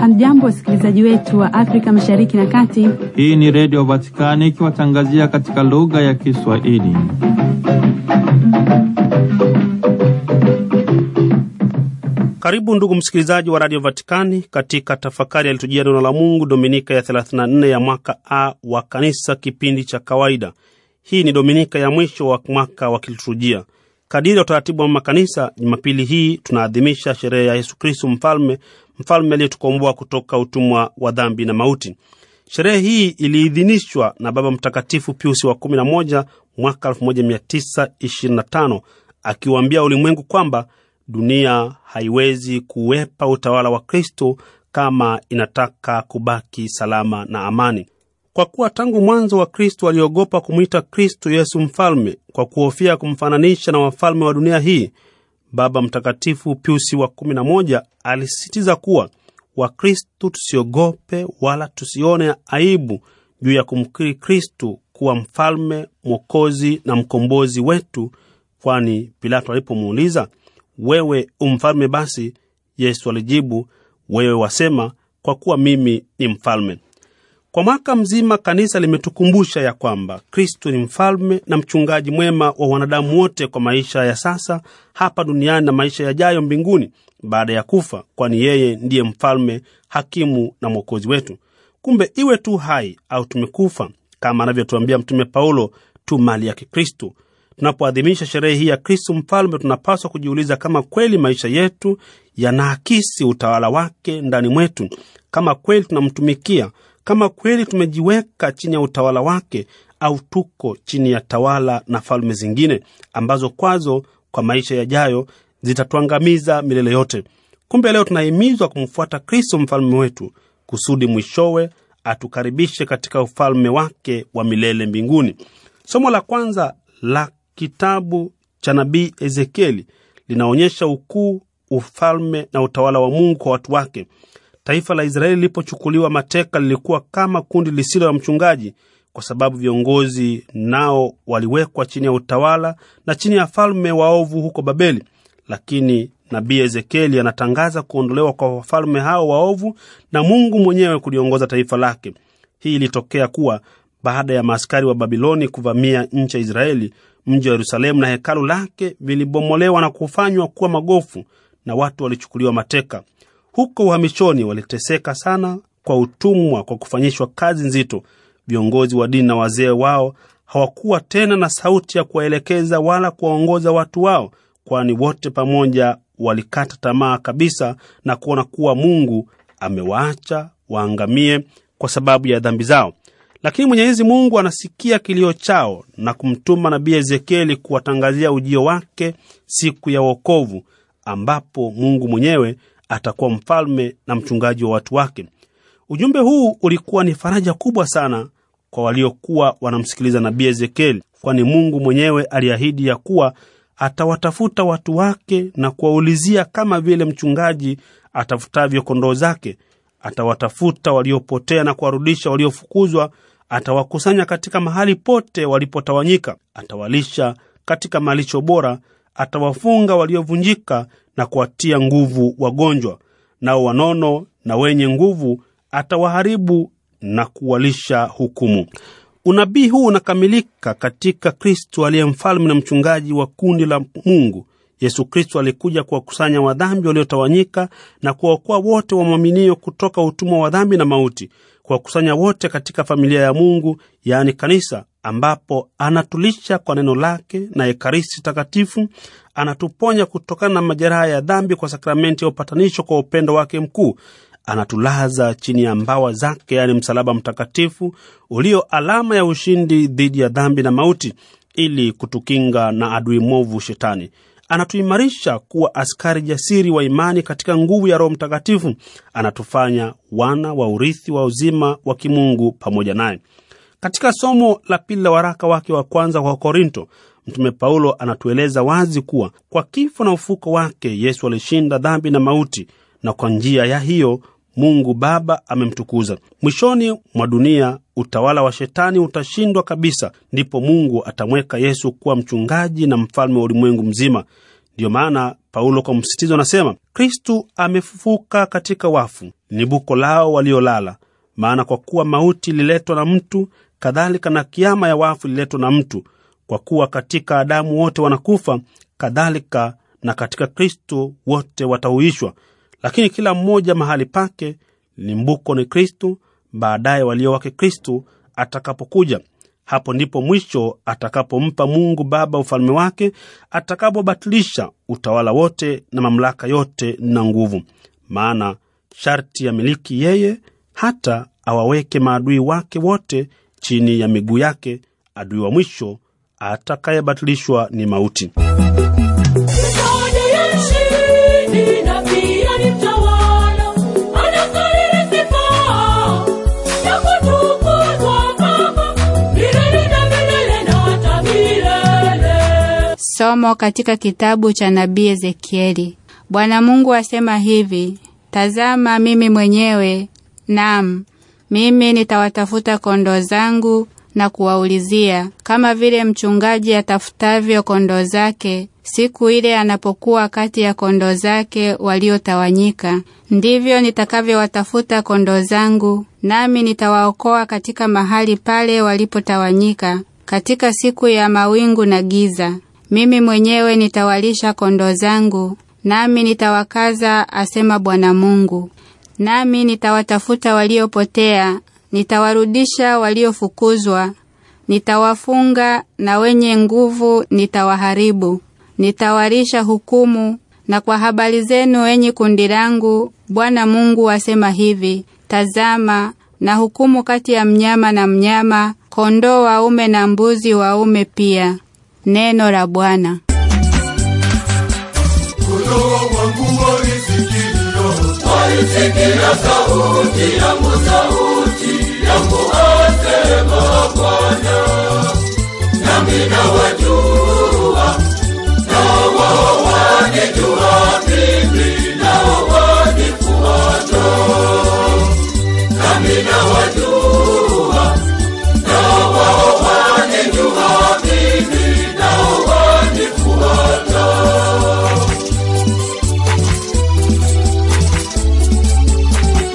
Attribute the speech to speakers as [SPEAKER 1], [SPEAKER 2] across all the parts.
[SPEAKER 1] Hamjambo, wasikilizaji wetu wa Afrika Mashariki na Kati.
[SPEAKER 2] Hii ni Redio Vatikani ikiwatangazia katika lugha ya Kiswahili. Karibu ndugu msikilizaji wa Radio Vatikani katika tafakari ya litujia neno la Mungu Dominika ya 34 ya mwaka A wa Kanisa, kipindi cha kawaida. Hii ni dominika ya mwisho wa mwaka wa kiliturujia. Kadiri ya utaratibu wa makanisa, Jumapili hii tunaadhimisha sherehe ya Yesu kristu mfalme, mfalme aliyetukomboa kutoka utumwa wa dhambi na mauti. Sherehe hii iliidhinishwa na Baba Mtakatifu Piusi wa 11 mwaka 1925 akiwaambia ulimwengu kwamba dunia haiwezi kuwepa utawala wa Kristo kama inataka kubaki salama na amani. Kwa kuwa tangu mwanzo wa Kristo waliogopa kumwita Kristo Yesu mfalme kwa kuhofia kumfananisha na wafalme wa dunia hii. Baba Mtakatifu Piusi wa 11 alisisitiza kuwa wakristu tusiogope wala tusione aibu juu ya kumkiri kristu kuwa mfalme, mwokozi na mkombozi wetu, kwani Pilato alipomuuliza wewe umfalme basi? Yesu alijibu, wewe wasema, kwa kuwa mimi ni mfalme. Kwa mwaka mzima kanisa limetukumbusha ya kwamba kristu ni mfalme na mchungaji mwema wa wanadamu wote kwa maisha ya sasa hapa duniani na maisha yajayo mbinguni baada ya kufa, kwani yeye ndiye mfalme, hakimu na mwokozi wetu. Kumbe iwe tu hai au tumekufa, kama anavyotuambia Mtume Paulo, tu mali ya Kikristo. Tunapoadhimisha sherehe hii ya kristu mfalme, tunapaswa kujiuliza kama kweli maisha yetu yanaakisi utawala wake ndani mwetu, kama kweli tunamtumikia kama kweli tumejiweka chini ya utawala wake au tuko chini ya tawala na falme zingine ambazo kwazo kwa maisha yajayo zitatuangamiza milele yote. Kumbe leo tunahimizwa kumfuata Kristo mfalme wetu kusudi mwishowe atukaribishe katika ufalme wake wa milele mbinguni. Somo la kwanza la kitabu cha nabii Ezekieli linaonyesha ukuu, ufalme na utawala wa Mungu kwa watu wake. Taifa la Israeli lilipochukuliwa mateka lilikuwa kama kundi lisilo la mchungaji, kwa sababu viongozi nao waliwekwa chini ya utawala na chini ya falme waovu huko Babeli. Lakini nabii Ezekieli anatangaza kuondolewa kwa wafalme hao waovu na Mungu mwenyewe kuliongoza taifa lake. Hii ilitokea kuwa baada ya maaskari wa Babiloni kuvamia nchi ya Israeli, mji wa Yerusalemu na hekalu lake vilibomolewa na kufanywa kuwa magofu na watu walichukuliwa mateka. Huko uhamishoni waliteseka sana kwa utumwa, kwa kufanyishwa kazi nzito. Viongozi wa dini na wazee wao hawakuwa tena na sauti ya kuwaelekeza wala kuwaongoza watu wao, kwani wote pamoja walikata tamaa kabisa na kuona kuwa Mungu amewaacha waangamie kwa sababu ya dhambi zao. Lakini Mwenyezi Mungu anasikia kilio chao na kumtuma nabii Ezekieli kuwatangazia ujio wake siku ya wokovu, ambapo Mungu mwenyewe atakuwa mfalme na mchungaji wa watu wake. Ujumbe huu ulikuwa ni faraja kubwa sana kwa waliokuwa wanamsikiliza nabii Ezekieli, kwani Mungu mwenyewe aliahidi ya kuwa atawatafuta watu wake na kuwaulizia kama vile mchungaji atafutavyo kondoo zake. Atawatafuta waliopotea na kuwarudisha waliofukuzwa. Atawakusanya katika mahali pote walipotawanyika, atawalisha katika malisho bora, atawafunga waliovunjika na kuwatia nguvu wagonjwa, nao wanono na wenye nguvu atawaharibu na kuwalisha hukumu. Unabii huu unakamilika katika Kristo aliye mfalme na mchungaji wa kundi la Mungu. Yesu Kristo alikuja kuwakusanya wadhambi waliotawanyika na kuwaokoa wote wamwaminio kutoka utumwa wa dhambi na mauti, kuwakusanya wote katika familia ya Mungu, yaani kanisa, ambapo anatulisha kwa neno lake na Ekaristi Takatifu, anatuponya kutokana na majeraha ya dhambi kwa sakramenti ya upatanisho. Kwa upendo wake mkuu anatulaza chini ya mbawa zake, yaani msalaba mtakatifu ulio alama ya ushindi dhidi ya dhambi na mauti, ili kutukinga na adui mwovu Shetani. Anatuimarisha kuwa askari jasiri wa imani katika nguvu ya Roho Mtakatifu, anatufanya wana wa urithi wa uzima wa kimungu pamoja naye. Katika somo la pili la waraka wake wa kwanza kwa Korinto, Mtume Paulo anatueleza wazi kuwa kwa kifo na ufuko wake Yesu alishinda dhambi na mauti, na kwa njia ya hiyo Mungu Baba amemtukuza. Mwishoni mwa dunia utawala wa shetani utashindwa kabisa, ndipo Mungu atamweka Yesu kuwa mchungaji na mfalme wa ulimwengu mzima. Ndiyo maana Paulo kwa msitizo anasema Kristu amefufuka katika wafu, ni buko lao waliolala. Maana kwa kuwa mauti ililetwa na mtu, kadhalika na kiama ya wafu ililetwa na mtu, kwa kuwa katika Adamu wote wanakufa, kadhalika na katika Kristo wote watahuishwa. Lakini kila mmoja mahali pake, limbuko ni Kristo, baadaye walio wake Kristo atakapokuja. Hapo ndipo mwisho atakapompa Mungu Baba ufalme wake, atakapobatilisha utawala wote na mamlaka yote na nguvu. Maana sharti ya miliki yeye hata awaweke maadui wake wote chini ya miguu yake. Adui wa mwisho atakayebatilishwa ni mauti.
[SPEAKER 1] Somo katika kitabu cha nabii Ezekieli. Bwana Mungu asema hivi: Tazama, mimi mwenyewe, nam mimi nitawatafuta kondoo zangu na kuwaulizia, kama vile mchungaji atafutavyo kondoo zake siku ile anapokuwa kati ya kondoo zake waliotawanyika, ndivyo nitakavyowatafuta kondoo zangu, nami nitawaokoa katika mahali pale walipotawanyika, katika siku ya mawingu na giza. Mimi mwenyewe nitawalisha kondoo zangu, nami nitawakaza, asema Bwana Mungu. Nami nitawatafuta waliopotea, nitawarudisha waliofukuzwa, nitawafunga na wenye nguvu nitawaharibu, nitawarisha hukumu. Na kwa habari zenu, enyi kundi langu, Bwana Mungu asema hivi: Tazama, na hukumu kati ya mnyama na mnyama, kondoo waume na mbuzi waume pia. Neno la Bwana.
[SPEAKER 3] Nisikia sauti yangu, sauti yangu asema Bwana, nami nawajua, nao wao wanijua mimi, nao wanifuata, nami nawajua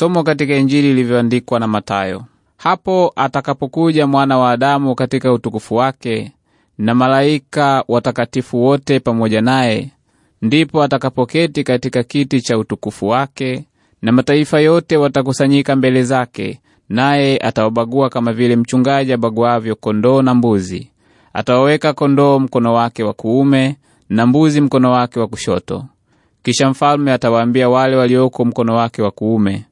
[SPEAKER 4] Somo katika Injili ilivyoandikwa na Matayo. Hapo atakapokuja mwana wa Adamu katika utukufu wake na malaika watakatifu wote pamoja naye, ndipo atakapoketi katika kiti cha utukufu wake, na mataifa yote watakusanyika mbele zake, naye atawabagua kama vile mchungaji abaguavyo kondoo na mbuzi. Atawaweka kondoo mkono wake wa kuume na mbuzi mkono wake wa kushoto. Kisha mfalme atawaambia wale walioko mkono wake wa kuume,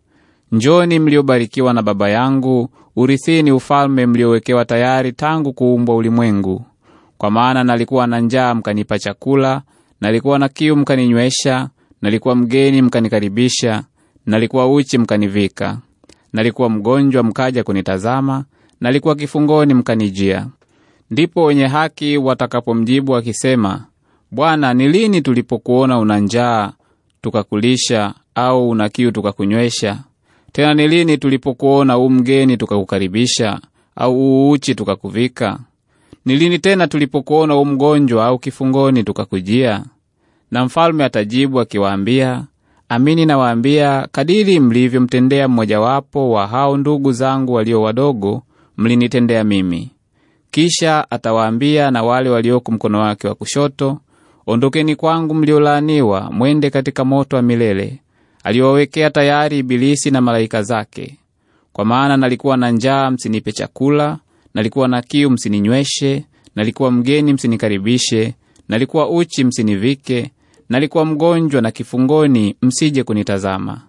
[SPEAKER 4] njoni mliobarikiwa na Baba yangu, urithini ufalme mliowekewa tayari tangu kuumbwa ulimwengu. Kwa maana nalikuwa na njaa, mkanipa chakula; nalikuwa na kiu, mkaninywesha; nalikuwa mgeni, mkanikaribisha; nalikuwa uchi, mkanivika; nalikuwa mgonjwa, mkaja kunitazama; nalikuwa kifungoni, mkanijia. Ndipo wenye haki watakapomjibu akisema, Bwana, ni lini tulipokuona una njaa tukakulisha, au una kiu tukakunywesha? Tena ni lini tulipokuona u mgeni tukakukaribisha, au uuchi tukakuvika? Ni lini tena tulipokuona u mgonjwa au kifungoni tukakujia? Na mfalme atajibu akiwaambia, Amini nawaambia, kadiri mlivyomtendea mmojawapo wa hao ndugu zangu walio wadogo, mlinitendea mimi. Kisha atawaambia na wale walioko mkono wake wa kushoto, ondokeni kwangu mliolaaniwa, mwende katika moto wa milele aliwawekea tayari Ibilisi na malaika zake. Kwa maana nalikuwa na njaa, msinipe chakula; nalikuwa na kiu, msininyweshe; nalikuwa mgeni, msinikaribishe; nalikuwa uchi, msinivike; nalikuwa mgonjwa na kifungoni, msije kunitazama.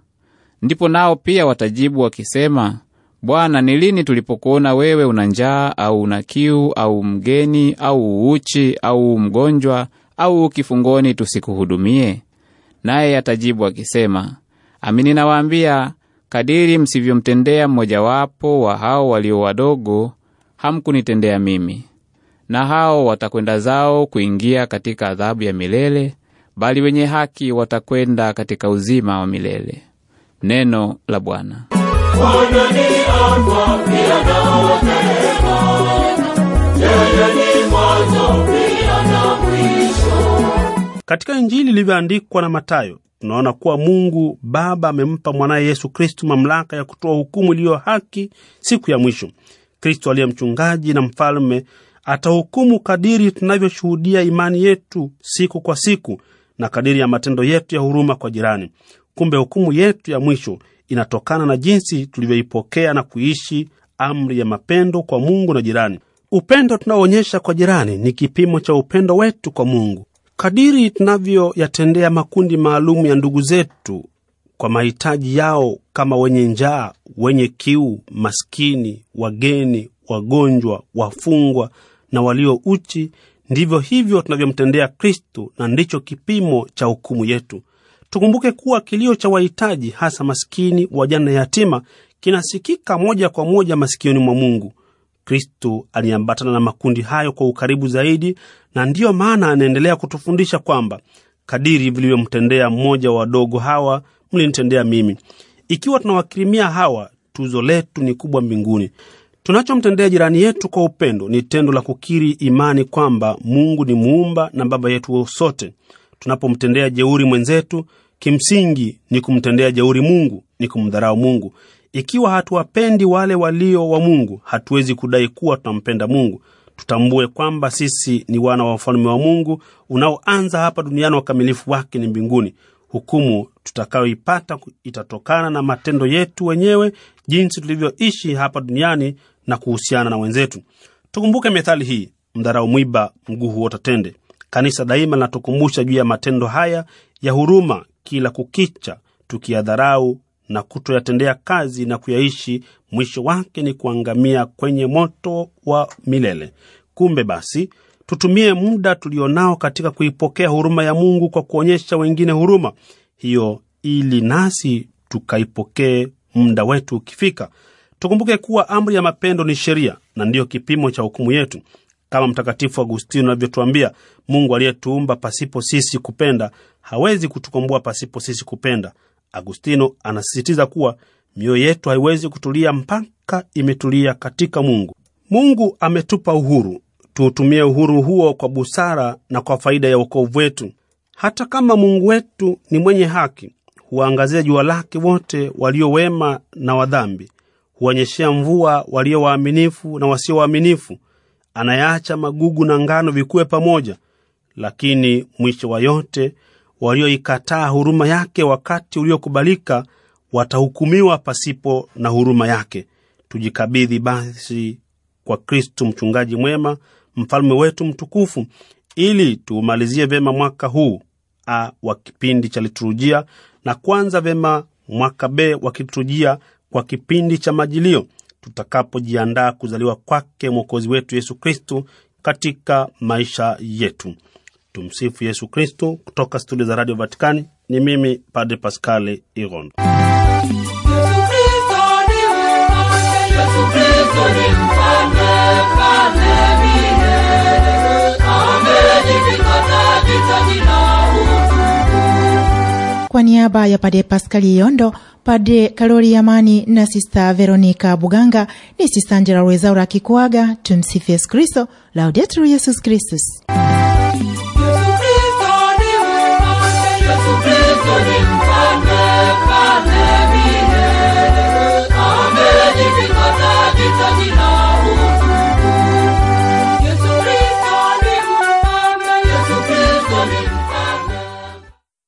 [SPEAKER 4] Ndipo nao pia watajibu wakisema, Bwana, ni lini tulipokuona wewe una njaa au una kiu au mgeni au uchi au mgonjwa au ukifungoni, tusikuhudumie? Naye atajibu akisema, Amini nawaambia, kadiri msivyomtendea mmojawapo wa hao walio wadogo, hamkunitendea mimi. Na hao watakwenda zao kuingia katika adhabu ya milele, bali wenye haki watakwenda katika uzima wa milele. Neno la Bwana.
[SPEAKER 2] Katika Injili ilivyoandikwa na Matayo, tunaona kuwa Mungu Baba amempa mwanaye Yesu Kristu mamlaka ya kutoa hukumu iliyo haki siku ya mwisho. Kristu aliye mchungaji na mfalme atahukumu kadiri tunavyoshuhudia imani yetu siku kwa siku na kadiri ya matendo yetu ya huruma kwa jirani. Kumbe hukumu yetu ya mwisho inatokana na jinsi tulivyoipokea na kuishi amri ya mapendo kwa Mungu na jirani. Upendo tunaoonyesha kwa jirani ni kipimo cha upendo wetu kwa Mungu. Kadiri tunavyoyatendea makundi maalum ya ndugu zetu kwa mahitaji yao kama wenye njaa, wenye kiu, maskini, wageni, wagonjwa, wafungwa na walio uchi, ndivyo hivyo tunavyomtendea Kristu, na ndicho kipimo cha hukumu yetu. Tukumbuke kuwa kilio cha wahitaji, hasa maskini, wajana yatima, kinasikika moja kwa moja masikioni mwa Mungu. Kristu aliambatana na makundi hayo kwa ukaribu zaidi, na ndiyo maana anaendelea kutufundisha kwamba kadiri vilivyomtendea mmoja wa wadogo hawa mlinitendea mimi. Ikiwa tunawakirimia hawa, tuzo letu ni kubwa mbinguni. Tunachomtendea jirani yetu kwa upendo ni tendo la kukiri imani kwamba Mungu ni muumba na baba yetu sote. Tunapomtendea jeuri mwenzetu, kimsingi ni kumtendea jeuri Mungu, ni kumdharau Mungu. Ikiwa hatuwapendi wale walio wa Mungu, hatuwezi kudai kuwa tunampenda Mungu. Tutambue kwamba sisi ni wana wa ufalme wa Mungu unaoanza hapa duniani, wa ukamilifu wake ni mbinguni. Hukumu tutakayoipata itatokana na matendo yetu wenyewe, jinsi tulivyoishi hapa duniani na kuhusiana na wenzetu. Tukumbuke methali hii, mdharau mwiba mguu huota tende. Kanisa daima linatukumbusha juu ya matendo haya ya huruma kila kukicha, tukiyadharau na kutoyatendea kazi na kuyaishi, mwisho wake ni kuangamia kwenye moto wa milele. Kumbe basi tutumie muda tulionao katika kuipokea huruma ya Mungu kwa kuonyesha wengine huruma hiyo, ili nasi tukaipokee muda wetu ukifika. Tukumbuke kuwa amri ya mapendo ni sheria na ndiyo kipimo cha hukumu yetu. Kama Mtakatifu Agustino anavyotuambia, Mungu aliyetuumba pasipo sisi kupenda hawezi kutukomboa pasipo sisi kupenda. Agustino anasisitiza kuwa mioyo yetu haiwezi kutulia mpaka imetulia katika Mungu. Mungu ametupa uhuru, tuutumie uhuru huo kwa busara na kwa faida ya uokovu wetu. Hata kama Mungu wetu ni mwenye haki, huwaangazia jua lake wote waliowema na wadhambi, huonyeshea mvua walio waaminifu na wasio waaminifu, anayeacha magugu na ngano vikuwe pamoja, lakini mwisho wa yote walioikataa huruma yake wakati uliokubalika watahukumiwa pasipo na huruma yake. Tujikabidhi basi kwa Kristu mchungaji mwema, mfalme wetu mtukufu, ili tuumalizie vyema mwaka huu a wa kipindi cha liturujia na kwanza vyema mwaka b wa kiliturujia kwa kipindi cha majilio, tutakapojiandaa kuzaliwa kwake mwokozi wetu Yesu Kristu katika maisha yetu. Tumsifu Yesu Kristu. Kutoka studio za Radio Vatikani ni mimi Padre Paskali Iron.
[SPEAKER 1] Kwa niaba ya Padre Paskali Yondo, Padre Kalori Yamani na Sista Veronika Buganga, ni Sista Angela Rwezaura akikuaga. Tumsifu Yesu Kristo. Laudetur Yesus Kristus.